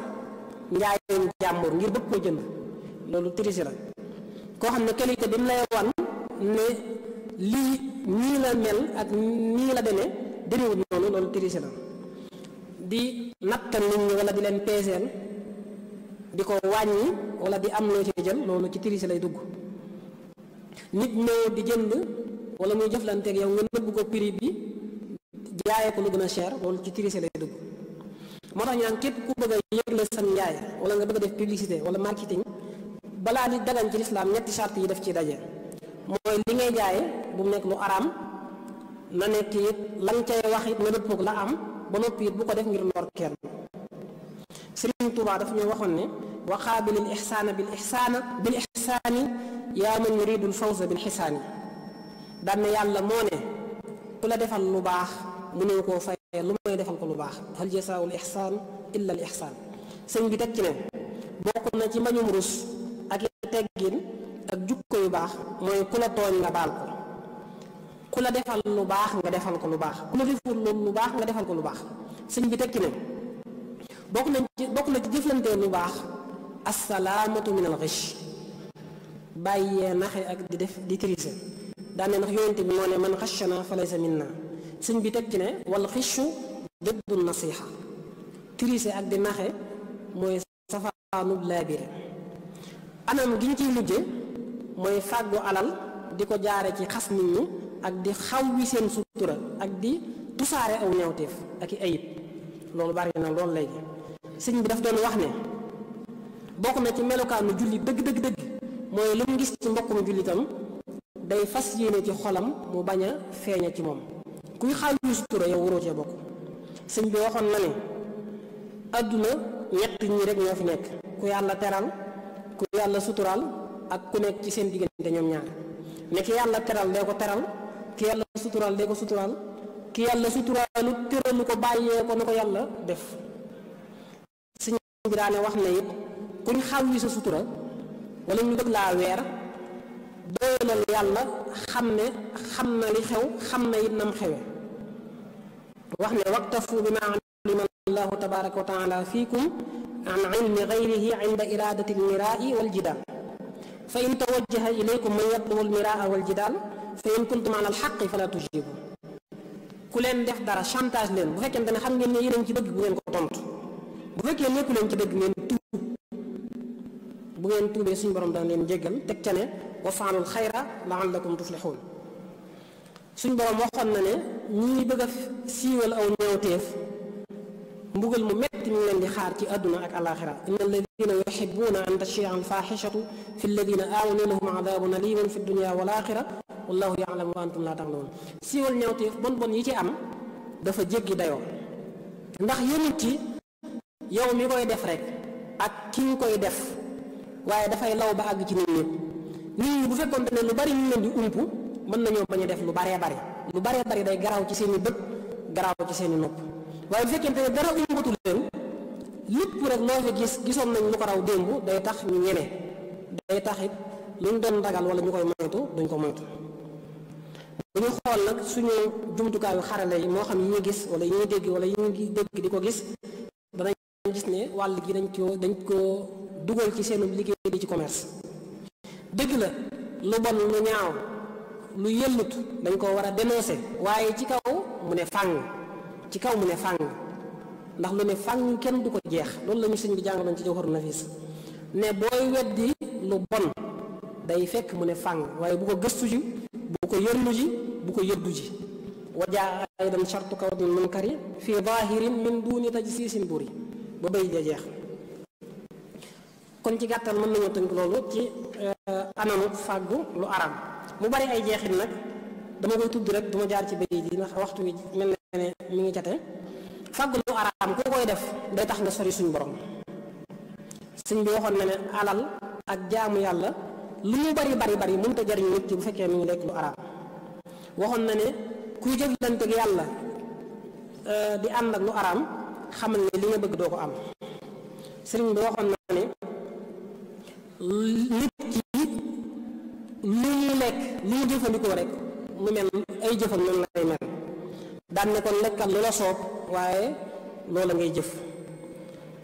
njaayeen jàmbur ngir bëgg koo jënd loolu triche la koo xam ne qualité bi mu lay wan ne lii nii la mel ak nii la demee dëriwut noonu loolu triche la di natta nit ñi wala di leen peeseel di ko wàññi wala di am loo ci jël loolu ci triche lay dugg nit ñëw di jënd wala muy jëflanteeg yow nga nëbb ko prix bi jaayee ko lu gën a cher loolu ci triche lay dugg moo tax ñu naan képp ku bëgg a yëgle sa njaay wala nga bëgg a def publicité wala marketing balaa di dagan ci lislaam ñetti sart yi def ci daje mooy li ngay jaaye bu mu nekk lu araam na nekk it lan cay wax it na dëppoog la am ba noppi it bu ko def ngir lor kenn Sëriñ Tuubaa daf ñoo waxoon ne wa qaabilil ixsaana bil ixsaana bil ixsaani yaa man yuridul fawza bil xisaani daan na yàlla moo ne ku la defal lu baax mu ne koo fayee lu may defal ko lu baax hal jasaawul ixsaan illa al ixsaan sëñ bi teg ci ne bokk na ci mbañum rus ak i teggin ak jukko yu baax mooy ku la tooñ nga baal ko ku la defal lu baax nga defal ko lu baax ku la defal lu baax nga defal ko lu baax sëñ bi ci ne bokk nañ ci bokk na ci jëflantee lu baax assalaamatu min al xish bàyyee naxe ak di def di triche daane ndax yonent bi moo ne man xashana fa laysa minna sëñ bi teg ci ne wal xishu dëddu nasiixa triche ak di naxe mooy safaanub laabire anam gi ñu ciy mujje mooy fàggu alal di ko jaare ci xas nit ñi ak di xaw seen sutura ak di tusaare aw ñawteef ak i ayib loolu bari na loolu léegi sëñ bi daf doon wax ne bokk na ci melokaanu julli dëgg dëgg dëgg mooy lu mu gis ci mbokkum jullitam day fas yéene ci xolam mu bañ a feeña ci moom kuy xaw wi sutura yow waroo cee bokk sëñ bi waxoon na ne àdduna ñett ñi rek ñoo fi nekk ku yàlla teral ku yàlla suturaal ak ku nekk ci seen diggante ñoom ñaar ne ki yàlla teral dee ko teral ki yàlla suturaal dee ko suturaal ki yàlla suturaalu tëralu ko bàyyee ko nu ko yàlla def sëñ bi daane wax ne it kuñ xaw yi sa sutura wala ñu bëgg laa weer doyalal yàlla xam ne xam na li xew xam na it nam xewe wax ne waqtafu bi ma allahu tabaraka wa taala fiikum an ilmi gayrihi inda iradati almirai waljidal fa in tawajjaha ilaykum man yatlubu almiraa waljidal fa in kuntum ala alxaqi fala tujibu ku leen def dara chantage leen bu fekkente ne xam ngeen ne yéen ci dëgg bu ngeen ko tontu bu fekkee nekku leen ci dëgg ngeen bu ngeen tuubee suñu borom dana leen jéggal teg ca ne wa faalul xayra laallakum tuflixuun suñ borom waxoon na ne ñi bëgg siiwal aw ñeewteef mbugal mu metti mi ngi di xaar ci àdduna ak alaxira inna alladina yuxibuuna an tachia alfaxishatu fi alladina aamanu lahum adaabun alimun fi dunia wal axira wallahu yaalamu wa antum laa taxlamun ci am dafa jéggi dayoo ndax yëmut ci yow mi koy def rek ak ki nga koy def waaye dafay law ba àgg ci nit ñi nit ñi bu fekkoon ne lu bari ñu leen di ump mën nañoo bañ a def lu baree bari lu baree bari day garaaw ci seeni bët garaaw ci seeni nopp waaye bu fekkente ne dara umbatu leen lépp rek loo fi gis gisoon nañ lu ko raw démb day tax ñu ñeme day taxit it luñ doon dagal wala ñu koy moytu duñ ko moytu bu ñu xool nag suñu jumtukaayu xarale yi moo xam yi ñu gis wala yi dégg wala yi ñu dégg di ko gis danañ gis ne wàll gi dañ ko dañ ko dugal ci seen liggéey di ci commerce dëgg la lu bon lu ñaaw lu yëllut dañ ko war a dénoncer waaye ci kaw mu ne fàng ci kaw mu ne fàng ndax lu ne fàng kenn du ko jeex loolu la ñu sëñ jàng jàngaloon ci Jawharun Nafis ne booy weddi lu bon day fekk mu ne fàng waaye bu ko gëstu ji bu ko yërlu ji bu ko yëddu ji wajaa aydan chartu kawdil munkari fii zahirin min duuni tajsiisin buri ba bay ja jeex kon ci gàttal mën nañoo tënk loolu ci euh, anamu fàggu lu araam mu bari ay jeexit nag dama koy tudd rek duma jaar ci bëy yi ndax waxtu wi mel na ne mi ngi jate fàgg lu araam ku koy def day tax nga sori suñu borom suñ bi waxoon na ne alal ak jaamu yàlla lu mu bari bari bari mënut a jariñ nit ki bu fekkee mi ngi lekk lu waxoon na ne kuy yàlla euh, di ànd lu araam xamal ne li doo ko am waxoon na ne mu jëfandikoo rek mu mel ay jëfam noonu lay mel daan ne kon lekkal lu la soob waaye loola ngay jëf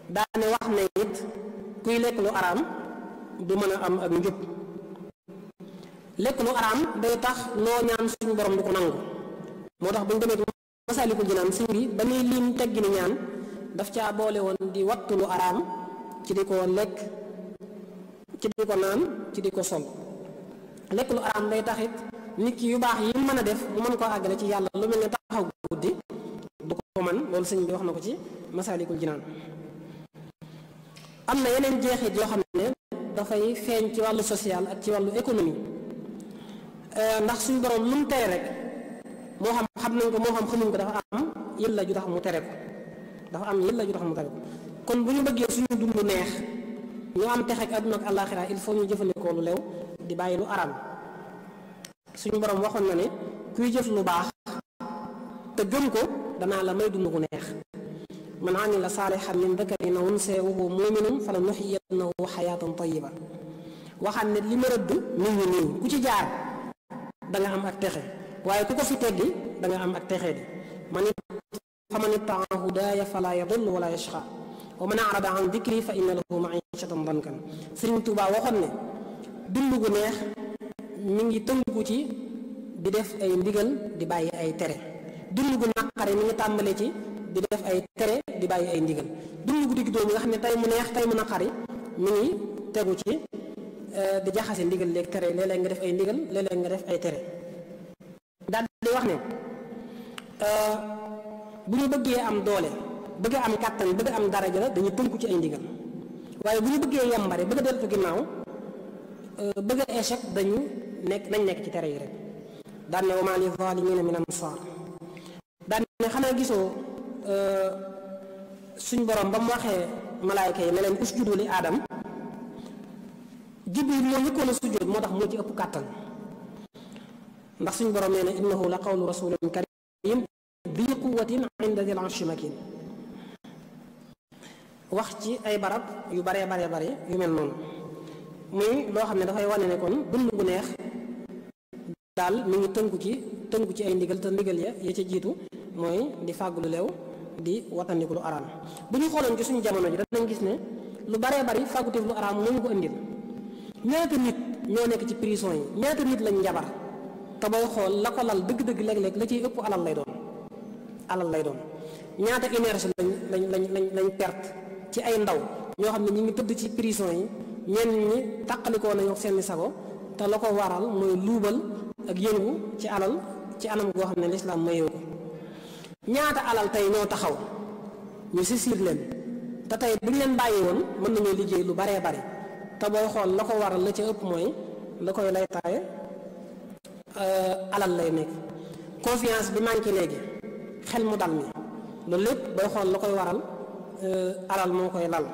daane wax ne it kuy lekk lu araam am ak njub lekk lu day tax loo ñaan suñu borom du ko nangu moo tax bu ñu demee Masaalikul Jinaan sëñ bi ba muy lim teggi ni ñaan daf caa boole woon di wattu lu araam ci di ko lekk ci di ko naan ci di ko sol lekk lu araam day tax nit ki yu baax yi mën a def mu mën koo àggale ci yàlla lu mel ne taxaw guddi du ko man loolu sëñ bi wax na ko ci masaalikul jinaan am na yeneen jeexee yoo xam ne dafay feeñ ci wàllu social ak ci wàllu économie euh, ndax suñ borom lu mu tere rek moo xam xam nañ ko moo xam xamuñ ko dafa am yëlla ju tax mu tere ko dafa am yàlla ju tax mu tere ko kon bu ñu bëggee suñu dund neex ñu am texe ak àdduna ak àllaaxira il faut ñu jëfandikoo lu lew di bàyyi lu araam suñu borom waxoon na ne kuy jëf lu baax te gëm ko danaa la may dund gu neex man amila saalihan min dakarin aw unsaa wa huwa muminun fa la nuxyiyannahu xayaatan tayiba waxaat ne li ma rëdd nit ñi nii ku ci jaar da nga am texe waaye ku ko fi teggi da nga am ak texe di man faman ittaqa hudaaya fala yadil wala yashqa wa man arada an dikri fa inna lahu maishatan dankan Sëriñ Tuubaa waxoon ne dund gu neex mi ngi tënku ci di def ay ndigal di bàyyi ay tere dund gu naqare mu ngi tàmbale ci di def ay tere di bàyyi ay ndigal dund gu digg doomu nga xam ne tey mu neex tay mu naqari mi ngi tegu ci eh, di jaxase ndigal léeg tere léeg-léeg nga def ay ndigal léeg-léeg nga def ay tere daal di wax ne eh, bu ñu bëggee am doole bëgg am kàttan bëgg am daraja dañu tënku ci ay ndigal waaye bu ñu bëggee yembare bëgg deltu ginnaaw Euh, bëgg a échec dañu nekk nañ nekk ci tere yi rek daan ne wa maa li zaalimiina min ansaar daan ne xanaa gisoo euh, suñ borom ba mu waxee malaayka yi ne leen usjudu li aadam jibril moo njëkkoon a moo tax moo ci ëpp kàttan ndax suñ borom nee na innahu la qawlu rasulin karim bi quwwatin inda dil arshi wax ci ay barab yu baree baree bare yu mel noonu muy loo xam ne dafay wane ne kon dund gu neex daal mu ngi tënku ci tënku ci ay ndigal te ndigal ya ya ca jiitu mooy di fàggu lu lew di watandiku lu araam bu ñu xooloon ci suñu jamono ji danañ gis ne lu baree bari fàggutif lu araam moo ñu ko indil ñaata nit ñoo nekk ci prison yi ñaata nit lañ njabar te booy xool la ko lal dëgg-dëgg léeg-léeg la ciy ëpp alal lay doon alal lay doon ñaata énergie lañ lañ lañ lañ perte ci ay ndaw ñoo xam ne ñu ngi tëdd ci prison yi ñenn ñi tàqalikoo nañu seeni sago te la ko waral mooy luubal ak yëngu ci alal ci anam goo xam ne lislaam mayewu ko ñaata alal tey ñoo taxaw ñu sisir leen te tey bu ñu leen bàyyi woon mën nañoo liggéey lu baree bari te booy xool la ko waral la ci ëpp mooy la koy lay taaye euh, alal lay nekk confiance bi manqué léegi xel mu dal mi loolu lépp booy xool la koy waral euh, alal moo koy lal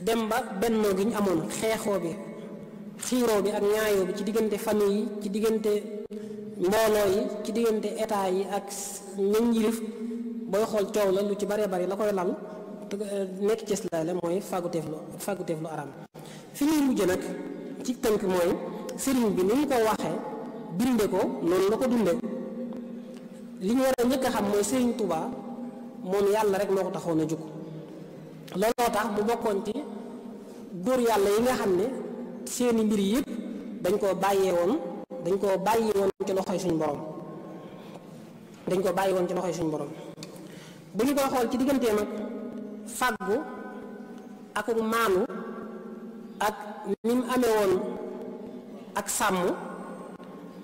dem ba bennoo gi ñu amoon xeexoo bi xiiroo bi ak ñaayoo bi ci diggante famille yi ci diggante mbooloo yi ci diggante état yi ak ñañ yilif booy xool coow la lu ci baree bari la koy lal te euh, nekk ci islaale mooy fàgguteef lu fàgguteef lu araam fi ñuy mujj nag ci tënk mooy sëriñ bi ni mu ko waxee dunde ko noonu la ko dunde li ñu war a njëkk a xam mooy sëriñ tubaa moom yàlla rek moo ko taxoon a jóg looloo tax mu bokkoon ci góor yàlla yi nga xam ne seeni mbir yëpp dañ koo bàyyee woon dañ koo bàyyi woon ci loxoy suñ boroom dañ koo bàyyi woon ci loxoy suñu borom bu ñu koy xool ci diggantee nag fàggu ak maanu ak ni mu amee woon ak sàmm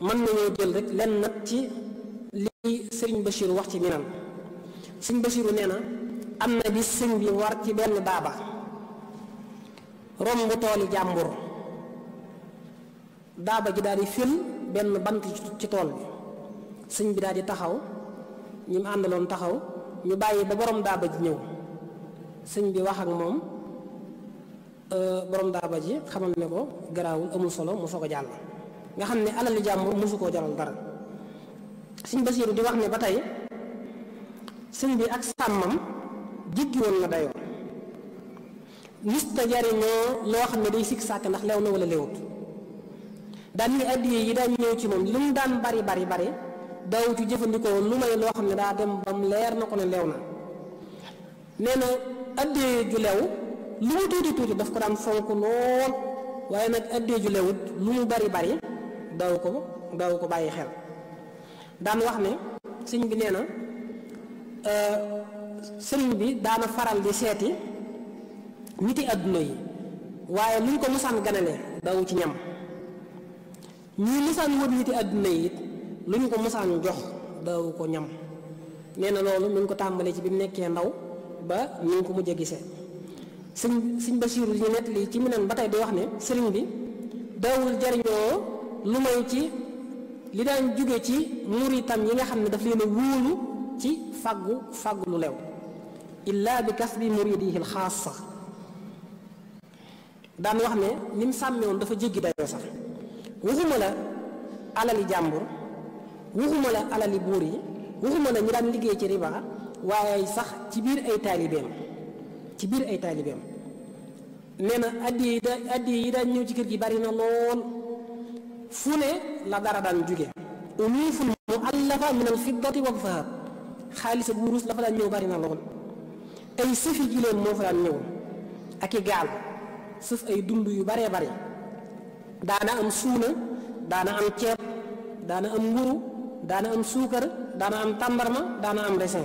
mën nañoo jël rek lenn nag ci li sëriñ Bachir wax ci minan sëriñ Bachir nee na am na bis sëriñ bi war ci benn daaba romb tooli jàmbur daaba ji daal di fil benn bant ci tool bi sëñ bi daal di taxaw ñi mu àndaloon taxaw ñu bàyyi ba borom daaba ji ñëw sëñ bi wax ak moom euh, borom daaba ji xamal ne ko garaawul amul solo mu soog a jàll nga xam ne alali jàmbur mosu koo jaral dara sëñ Basiiru di wax ne ba tey sëñ bi ak sàmmam jéggi woon na dayoo mista jariñoo loo xam ne day sikk sàkk ndax lew na wala lewut daan ni addiye yi daan ñëw ci moom lu mu daan bari bari bari daawu ci jëfandikoo lu may loo xam ne daa dem ba leer na ko ne lew na nee na addiye ju lew lu mu daf ko daan fonk lool waaye nag addiye ju bari bari daaw ko daaw ko bàyyi xel daan wax ne sëñ bi nee na euh, sëriñ bi daana faral di seeti niti àdduna yi waaye luñ ko mosaan ganale daw ci ñam ñuy mosaan wër niti àdduna yi it luñ ko mosaan jox daw ko ñam nee na loolu mi ngi ko tàmbalee ci bi mu nekkee ndaw ba ñu ngi ko mujj a gisee siñ sëñ Basiiru ñu nett ci ci minan ba tey di wax ne sëriñ bi daawul jariñoo lu may ci li daan jóge ci muritam yi nga xam ne daf leen a ci fàggu fàggu lu lew illa bi kas bi muridihil xaas sax daan wax ne ni mu sàmmewoon dafa jéggi dayoo sax waxuma la alali jàmbur waxuma la alali buur yi waxuma la ñu daan liggéey ci riba waaye sax ci biir ay taalibeem ci biir ay taalibeem nee na addi yi daa addi yi daan ñëw ci kër gi bari na lool fu ne la dara daan jóge unuuful mu allafa min al fiddati wal zahab xaalis la fa daan ñëw bari na lool ay sëfi gileem moo fa daan ñëw ak i gaal sëf ay dund yu baree bari daana am suuna daana am ceeb daana am nguru daana am suukar daana am tàndarma daana am desin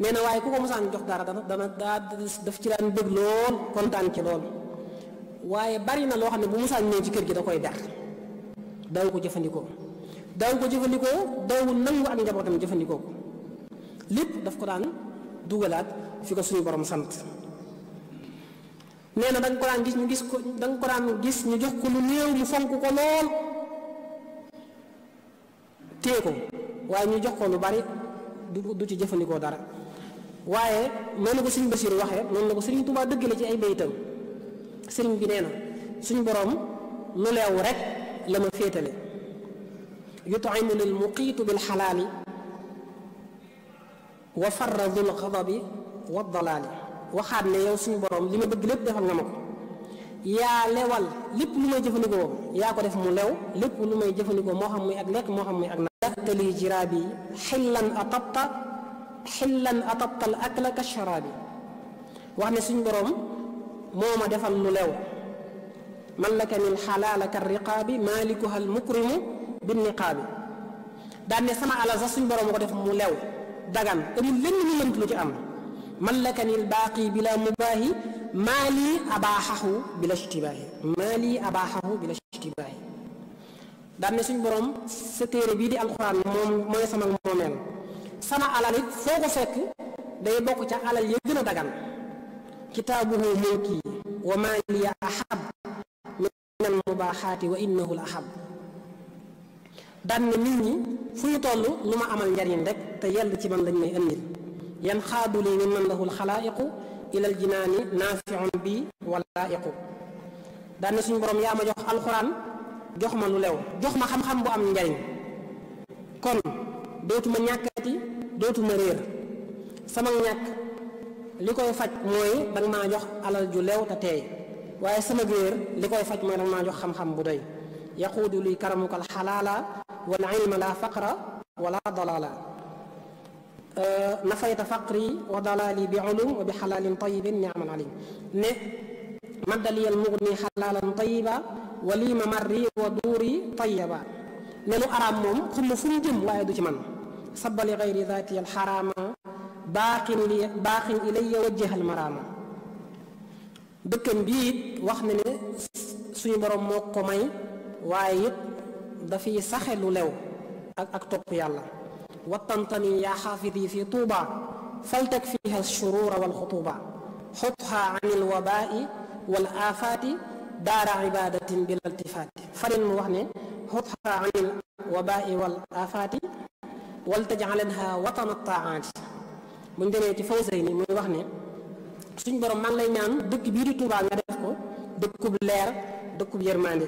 nee na waaye ku ko mosaan jox dara dana dana daa daf ci daan bëgg lool kontaan ci lool waaye bari na loo xam ne bu mosaan ñëw ci kër gi da koy ber daw ko jëfandikoo daw ko jëfandikoo daw nangu ak njabootam jëfandikoo ko lépp daf ko daan dugalaat fi ko suñu borom sant nee na da ko daan gis ñu gis ko da ko daan gis ñu jox ko lu néew mu fonk ko lool téye ko waaye ñu jox ko lu bari du ci jëfandikoo dara waaye noonu ko sëriñ Basiir waxee noonu la ko sëriñ Tuubaa dëgg la ci ay baytam sëriñ bi suñ boroom lu rek la ma féetale yutimu lil muqiitu bil xalaali wa farra dul xadabi wa dalaali waxaat ne yow suñu boroom li ma bëgg lépp defal nga ma ko yaa lewal lépp lu may jëfandikoo yaa ko def mu lew lépp lu may jëfandikoo moo xam muy ak lekk moo xam muy ak naan tali jiraabi xillan atabta xillan atabta al akla ka sharaabi wax ne suñ boroom moo ma defal lu lew mallaka nil xalaala ka riqaabi maalikuha al mukrimu bin niqaabi daan sama alal sax suñu borom ma ko def mu lew dagan amul lenn lu lënt lu ci am man lakani albaaqi bila mubaahi maali abaaxahu bila ishtibaahi maali abaaxahu bila ishtibaahi daan ne suñ borom sa téere bii di alxuraan moom mooy sama moomeel sama alal it foo ko fekk day bokk ca alal ya gën a dagan kitaabuhu mulki wa maaliya ahab min al mubaaxaati wa innahu ahab daan nit ñi fu ñu toll lu ma amal njariñ rek te yàlla ci man lañ may andil yanxaadu li mimman lahu alxalaayiqu ilal jinaani naafiun bi walaayiqu daan na suñu borom yaa ma jox alxuraan jox ma lu lew jox ma xam-xam bu am njariñ kon dootuma ñàkkati dootuma réer sama ñàkk li koy faj mooy danga maa jox alal ju lew te teey waaye sama réer li koy faj mooy danga jox xam-xam bu doy yaquudu li karamuka alxalaala wal ilma la faqra wala dalaala nafayta euh, faqri wa dalali bi ulum wa bi xalaalin tayibin niaman alim ne maddaliyal mugni xalaalan tayiba walima marri wa duuri tayiba ne lu araam moom xumma fu mu jëm waaye ci man sabali gayri daati alxaraama baaqin li baaqin ilayya wajjahal maraama dëkkam bii wax na ne suñu borom moo ko may waaye it saxe lu lew ak topp yàlla والطنطني يا حافظي في طوبى فلتك فيها الشرور والخطوبة حطها عن الوباء والآفات دار عبادة بلا التفات farin mu wax ne xutha anil wabai wal afaati wal taj'alha watana taati buñ demee ci Fawzayni muy wax ne suñ borom man lay ñaan dëkk bii di Tuubaa nga def ko dëkkub leer dëkkub yërmande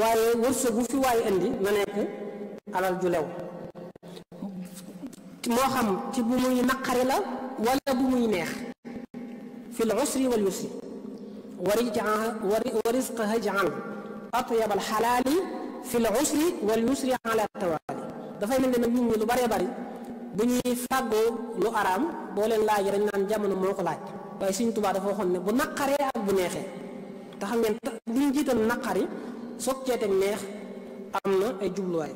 waaye wërsëg bu fi waaye indi na nekk alal ju moo xam ci bu muy naqari la wala bu muy neex fi l usri wal yusri wa risqaha jaal atyab al xalaali fi l usri wal yusri ala tawaali dafay mel ne nag nit ñi lu bëree bëri bu ñuy fàggoo lu araam boo leen laaj dañ naan jamono moo ko laaj waaye Sëriñ Tuubaa dafa waxoon ne bu naqaree ak bu neexee te xam ngeen li ñu jiital naqari soog cee teg neex am na ay jubluwaay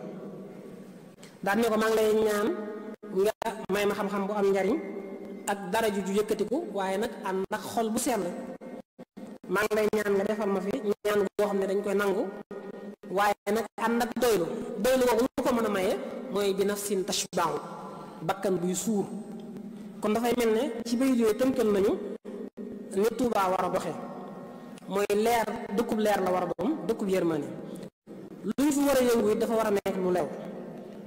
daan ne ko maa ngi lay ñaan nga may ma xam-xam bu am njariñ ak daraja ju yëkkatiku waaye nag ànd ak xol bu sell maa ngi lay ñaan nga defal ma fi ñaan goo xam ne dañ koy nangu waaye nag ànd ak doylu doylu boobu ko mën a maye mooy bi nafsin tashbaaw bakkan buy suur kon dafay mel ne ci bay yooyu tënkal nañu ni Tuubaa war a doxee mooy leer dëkkub leer la war a doom dëkkub yërmande lu ñu fi war a yëngu it dafa war a nekk lu lew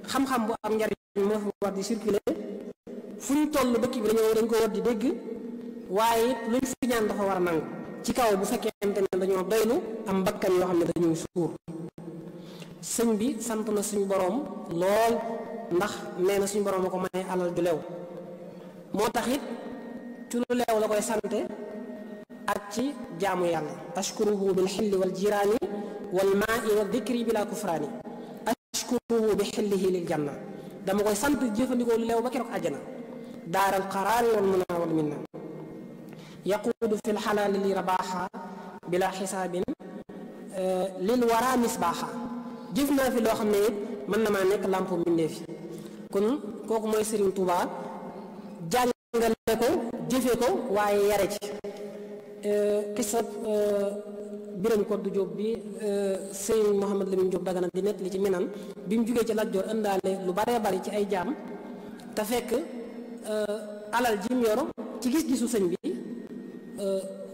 xam-xam bu am njariñ moo fi war di circuler fu ñu toll dëkk bi dañoo dañ ko war di dégg waaye it luñ fi ñaan dafa war a nangu ci kaw bu fekkente ne dañoo doylu am bakkan yoo xam ne dañuy suur sëñ bi sant na suñ boroom lool ndax nee na suñ boroom a ko may alal ju lew moo tax it ci lu leew la koy sante ak ci jaamu yàlla ashkuruhu bil xilli wal jiraani wal maa i wa dikri bila kufraani ashkuruhu bi xillihi lil janna dama koy sant jëfandikoo lu leew ba keroog àjjana daaral qaraari wal munaa wal minna yaquudu fi lxalaali li rabaaxa bila xisaabin euh, lil wara misbaaxa jëf naa fi loo xam ne it mën na maa nekk làmp mbindee fi kon kooku mooy Serigne Touba jàngale ko jëfe ko waaye yare ci Euh, kisab euh, biram koddu Jóob bi euh, sëriñ Mouhamed Lamine Jóob Dagana di nettali ci minan bi mu jógee ci Lat Joor ëndaale lu baree bari ci ay jaam te fekk alal ji yor ci gis-gisu sëñ bi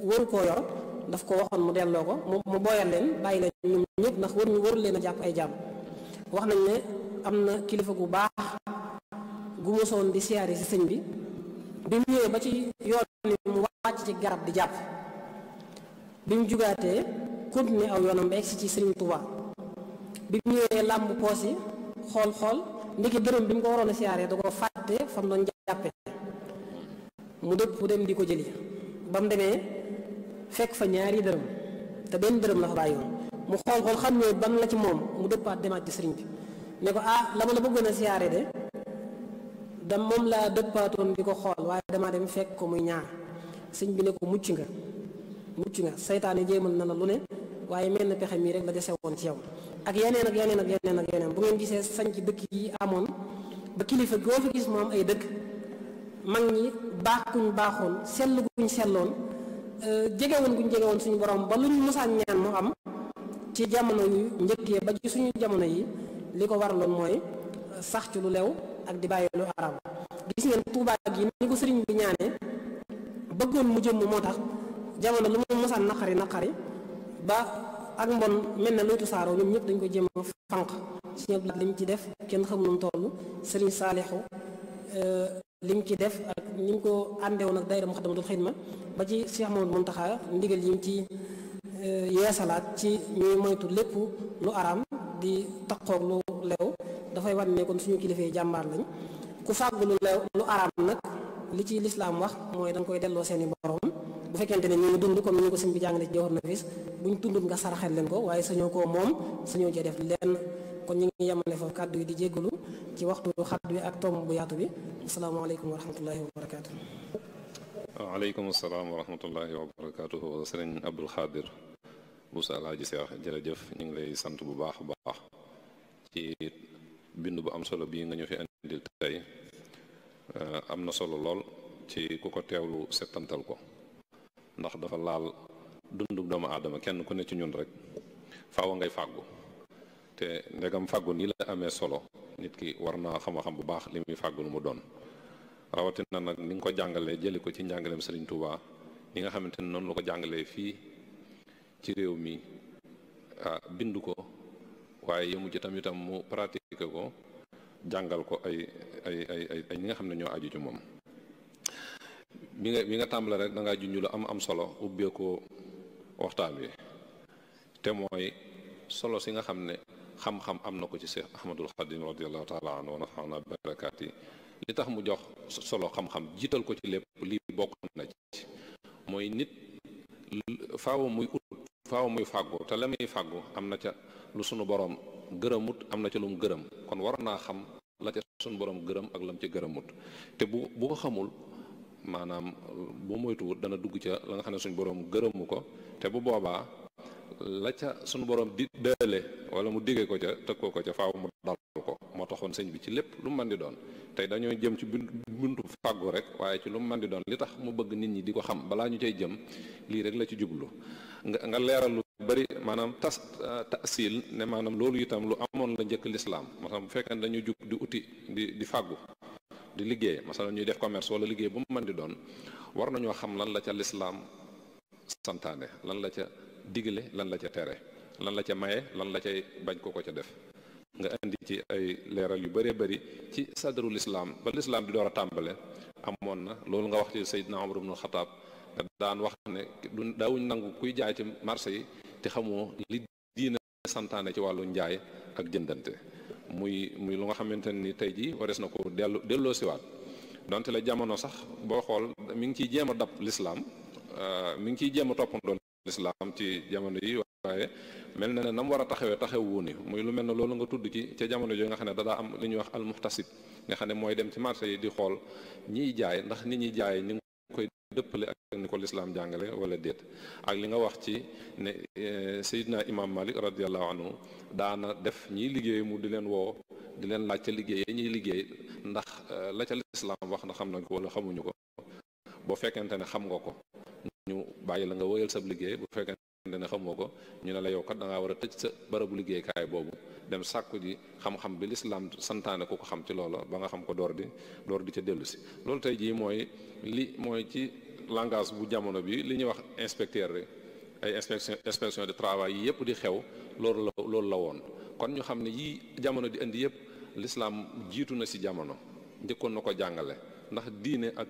waru koo yor daf ko waxoon mu delloo ko mu mu booyal leen bàyyi leen ñoom ñëpp ndax waruñu waru leen a jàpp ay jàmm wax nañ ne am na kilifa gu baax gu mosoon di siyaare si sëñ bi bi mu ñëwee ba ci yoon mu wàcc ci garab di jàpp bi mu jugaatee continuer aw yoonam ba egsi ci Serigne Touba bi mu ñëwee làmb poos yi xool xool ndiki dërëm bi mu ko waroon a siyaaree da ko fàtte fam doon jàppe mu dëpp mu dem di ko jëli ba mu fekk fa ñaari dërëm te benn dërëm la fa mu xool xool ban la ci moom mu dëppaat demaat ci sëriñ bi ne ko ah la la bëggoon a siyaare de dam moom laa dëppaatoon di ko xool waaye damaa dem fekk ko muy ñaar sëñ bi ne ko mucc nga mucc nga saytaane jéemal na la lu ne waaye mel na pexe mii rek la dese woon ci yow ak yeneen ak yeneen ak yeneen ak yeneen bu ngeen gisee sañ ci dëkk yi amoon ba kilifa goo fi gis moom ay dëkk mag ñi baax euh, guñ baaxoon sell guñ selloon jege woon guñ jege woon suñu borom ba luñ mosaan ñaan mu am ci jamono yu njëkkee ba ci suñu jamono yi li ko waraloon mooy sax ci lu lew ak di bàyyi lu araam gis ngeen Tuubaa gi ni ko sëriñ bi ñaanee bëggoon mu jëmm moo tax jamono lu mu mosaan naqari naqari ba ak mbon mel na luy tasaaroo ñoom ñëpp dañ ko jéem a fànq Sëriñ Abdou li mu ci def kenn xamul nu mu toll Sëriñ Saalixu euh, li mu ci def ak ni mu ko àndewoon ak daayira Muxaddamatul Xidma ba ci Cheikh Mamadou Muntaxa ndigal yi mu ci euh, yeesalaat ci ñuy moytu lépp lu araam di taqoog lu lew dafay wan ne kon suñu kilifee jàmbaar lañ ku fàggu lu lew lu araam nag li ci lislaam wax mooy danga koy delloo seeni borom bu fekkente ne ñu ngi dund comme ni ñu ko sëñ bi jàng na ci joxoon na fis buñ dundut nga saraxel leen ko waaye sañoo koo moom sañoo cee def lenn kon ñu ngi yemale foofu kàddu yi di jéggalu ci waxtu xat bi ak tomb bu yaatu bi asalaamaaleykum wa rahmatullahi wa barakaatu. waaleykum salaam wa rahmatullahi wa barakaatu sëriñ Abdul Xaadir Buusa Alaaji Seex ñu ngi lay sant bu baax a baax ci bind bu am solo bii nga ñu fi andil tey am na solo lool ci ku ko teewlu settantal ko. ndax dafa laal dundug doomu aadama kenn ku ne ci ñun rek faaw ngay fàggu te ndegam fàggu nii la amee solo nit ki war naa xam-xam bu baax li muy fàggul mu doon rawatina nag ni nga ko jàngalee jëli ko ci njàngaleem Serigne Touba ni nga xamante ne noonu la ko jàngalee fii ci réew mi bind ko waaye yemu ci tam itam mu pratiqué ko jàngal ko ay ay ay ay ñi nga xam ne ñoo aju ci moom. bi nga bi nga tàmbale rek da ngaa junj lu am am solo ubbee waxtaan wi te mooy solo si nga xam ne xam-xam am na ko ci Cheikh Ahmadul Xadim radiallahu taala anhu wa nafaana barakaati li tax mu jox solo xam-xam jiital ko ci lépp lii bokk na nit faaw muy ut muy fàggu te la muy am na ca lu sunu boroom gërëmut am na ca lu mu gërëm kon war naa xam la ca sunu boroom gërëm ak lam ci gërëmut te bu bu ko xamul maanaam bu moytuwut dana dugg ca la nga xam ne suñu borom gërëmu ko te bu boobaa la ca suñu borom di dële wala mu diggee ko ca tëg ko ko ca faaw mu dal ko moo taxoon sëñ bi ci lépp lu mu mën di doon tey dañoo jëm ci buntu fàggu rek waaye ci lu mu mën di doon li tax mu bëgg nit ñi di ko xam balaa ñu cay jëm lii rek la ci jublu nga nga leeral lu bari maanaam tas ah, tasil ne maanaam loolu itam lu amoon la njëkk lislaam maanaam bu fekkee ne dañu jug di uti di di fàggu di liggéey masala ñuy def commerce wala liggéey bu man di doon war nañoo xam lan la ca lislaam santaane lan la ca digle lan la ca tere lan la ca maye lan la cay bañ ko ko ca def nga indi ci ay leeral yu bëree bëri ci sadru lislaam ba lislaam di door a tàmbale amoon na loolu nga wax ci Seydina Umar ibn Xataab nga daan wax ne du daawuñ nangu kuy jaay ci marché yi te xamoo li diina santaane ci wàllu njaay ak jëndante muy muy lu nga xamante ni tey jii warees na ko dellu delloo siwaat donte la jamono sax boo xool mi ngi ciy jéem a dab lislaam euh, mi ngi ciy jéem a toppandoon lislaam ci jamono yi waaye mel na ne nam war a taxawee taxaw wu ni muy lu mel ne loolu nga tudd ci ca jamono yooyu nga xam ne dadaa am li ñu wax almuxtasib nga xam ne mooy dem ci marché yi di xool ñiy jaay ndax ni ñi jaay koy dëppale ak ni ko lislaam jàngale wala déet ak li nga wax ci ne eh, sayidna imam malik radiallahu anhu daana def ñiy liggéey mu di leen woo di leen laaj ca liggéey ñuy liggéey ndax eh, la ca lislaam wax na xam nañ ko wala xamuñu ko boo fekkente ne xam nga ko ñu bàyyi la nga wëyal sab liggéey bu fekkente ne xamoo ko ñu ne la yow kat da ngaa war a tëj sa barabu liggéeykaay boobu dem sàkku ji xam-xam bi lislaam santaane ku ko xam ci loola ba nga xam ko door di door di ca dellu si loolu tey jii mooy li mooy ci langage bu jamono bi li ñuy wax inspecteur rek ay inspection inspection de travail yi yëpp di xew loolu la loolu la woon kon ñu xam ne yii jamono di indi yëpp lislaam jiitu na si jamono njëkkoon na ko jàngale ndax diine ak